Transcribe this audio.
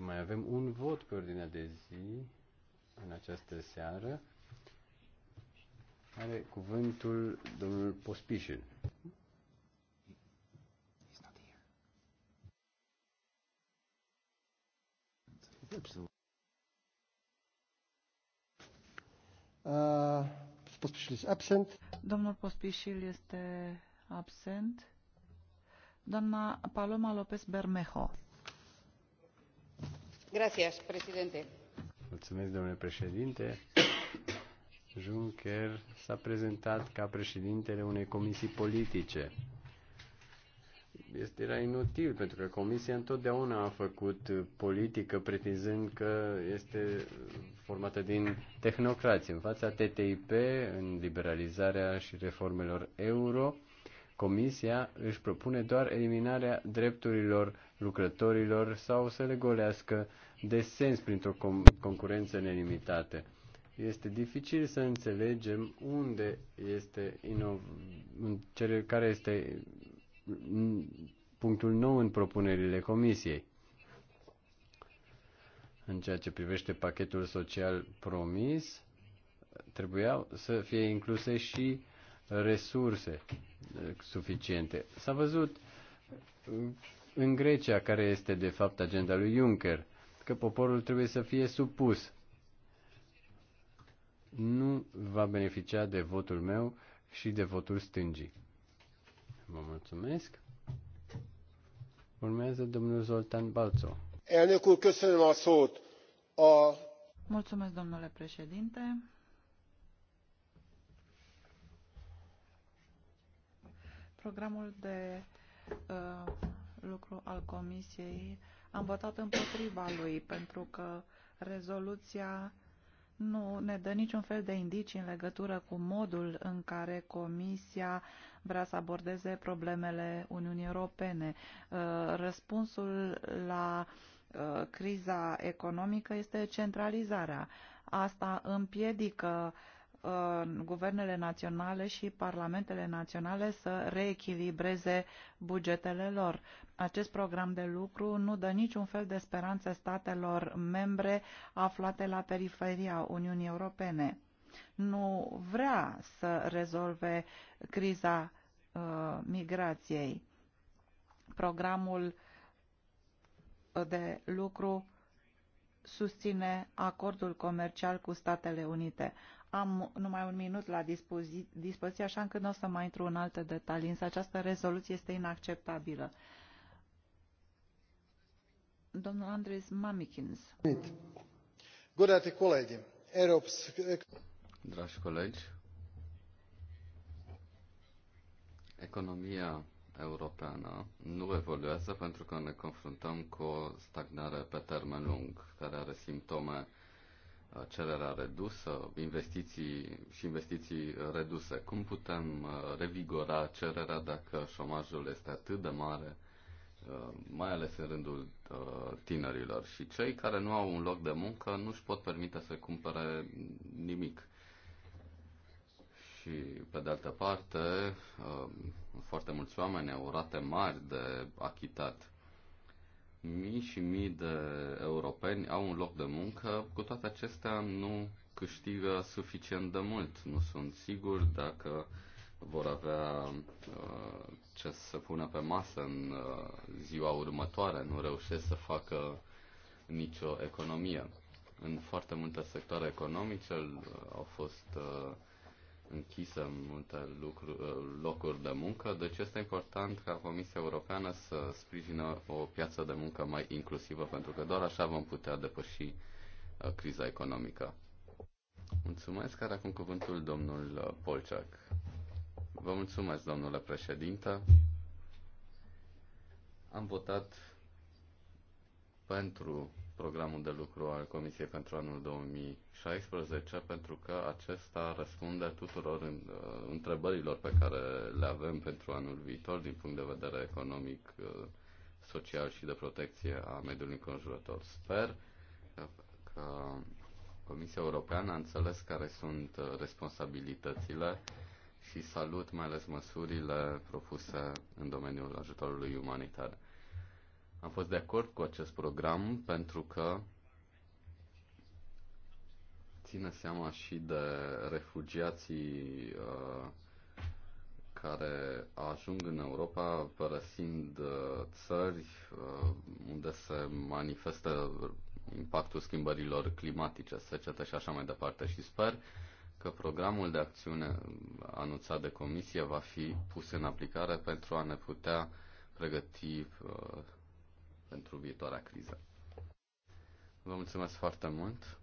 că mai avem un vot pe ordinea de zi în această seară. Are cuvântul domnul Pospișil. Uh, Pospișil este absent. Domnul Pospișil este absent. Doamna Paloma López Bermejo. Mulțumesc, domnule președinte. Juncker s-a prezentat ca președintele unei comisii politice. Este era inutil, pentru că comisia întotdeauna a făcut politică pretinzând că este formată din tehnocrație. În fața TTIP, în liberalizarea și reformelor euro, Comisia își propune doar eliminarea drepturilor lucrătorilor sau să le golească de sens printr-o concurență nelimitată. Este dificil să înțelegem unde este inov- care este punctul nou în propunerile Comisiei. În ceea ce privește pachetul social promis, trebuiau să fie incluse și resurse eh, suficiente. S-a văzut eh, în Grecia, care este de fapt agenda lui Juncker, că poporul trebuie să fie supus. Nu va beneficia de votul meu și de votul stângii. Vă mulțumesc. Urmează domnul Zoltan Balțo. a A... Mulțumesc, domnule președinte. Programul de uh, lucru al Comisiei am votat împotriva lui pentru că rezoluția nu ne dă niciun fel de indicii în legătură cu modul în care Comisia vrea să abordeze problemele Uniunii Europene. Uh, răspunsul la uh, criza economică este centralizarea. Asta împiedică uh, guvernele naționale și parlamentele naționale să reechilibreze bugetele lor. Acest program de lucru nu dă niciun fel de speranță statelor membre aflate la periferia Uniunii Europene. Nu vrea să rezolve criza uh, migrației. Programul de lucru susține acordul comercial cu Statele Unite. Am numai un minut la dispozi dispoziție, așa încât nu o să mai intru în alte detalii, însă această rezoluție este inacceptabilă. Domnul Andres Mamikins. Gurate colegi, Europs... Dragi colegi, economia europeană nu evoluează pentru că ne confruntăm cu o stagnare pe termen lung, care are simptome uh, cererea redusă, investiții și investiții reduse. Cum putem uh, revigora cererea dacă șomajul este atât de mare, uh, mai ales în rândul tinerilor? Și cei care nu au un loc de muncă nu își pot permite să cumpere nimic și, pe de altă parte, um, foarte mulți oameni au rate mari de achitat. Mii și mii de europeni au un loc de muncă, cu toate acestea nu câștigă suficient de mult. Nu sunt sigur dacă vor avea uh, ce să pună pe masă în uh, ziua următoare, nu reușesc să facă nicio economie. În foarte multe sectoare economice uh, au fost uh, în multe lucru, uh, locuri de muncă, deci este important ca Comisia Europeană să sprijină o piață de muncă mai inclusivă, pentru că doar așa vom putea depăși uh, criza economică. Mulțumesc, care acum cuvântul domnul uh, Polciac. Vă mulțumesc, domnule președinte. Am votat pentru programul de lucru al Comisiei pentru anul 2016, pentru că acesta răspunde tuturor uh, întrebărilor pe care le avem pentru anul viitor din punct de vedere economic, uh, social și de protecție a mediului înconjurător. Sper că Comisia Europeană a înțeles care sunt uh, responsabilitățile și salut mai ales măsurile propuse în domeniul ajutorului umanitar. Am fost de acord cu acest program pentru că ține seama și de refugiații uh, care ajung în Europa părăsind uh, țări uh, unde se manifestă impactul schimbărilor climatice, secete și așa mai departe. Și sper că programul de acțiune anunțat de comisie va fi pus în aplicare pentru a ne putea pregăti uh, pentru viitoarea criză. Vă mulțumesc foarte mult.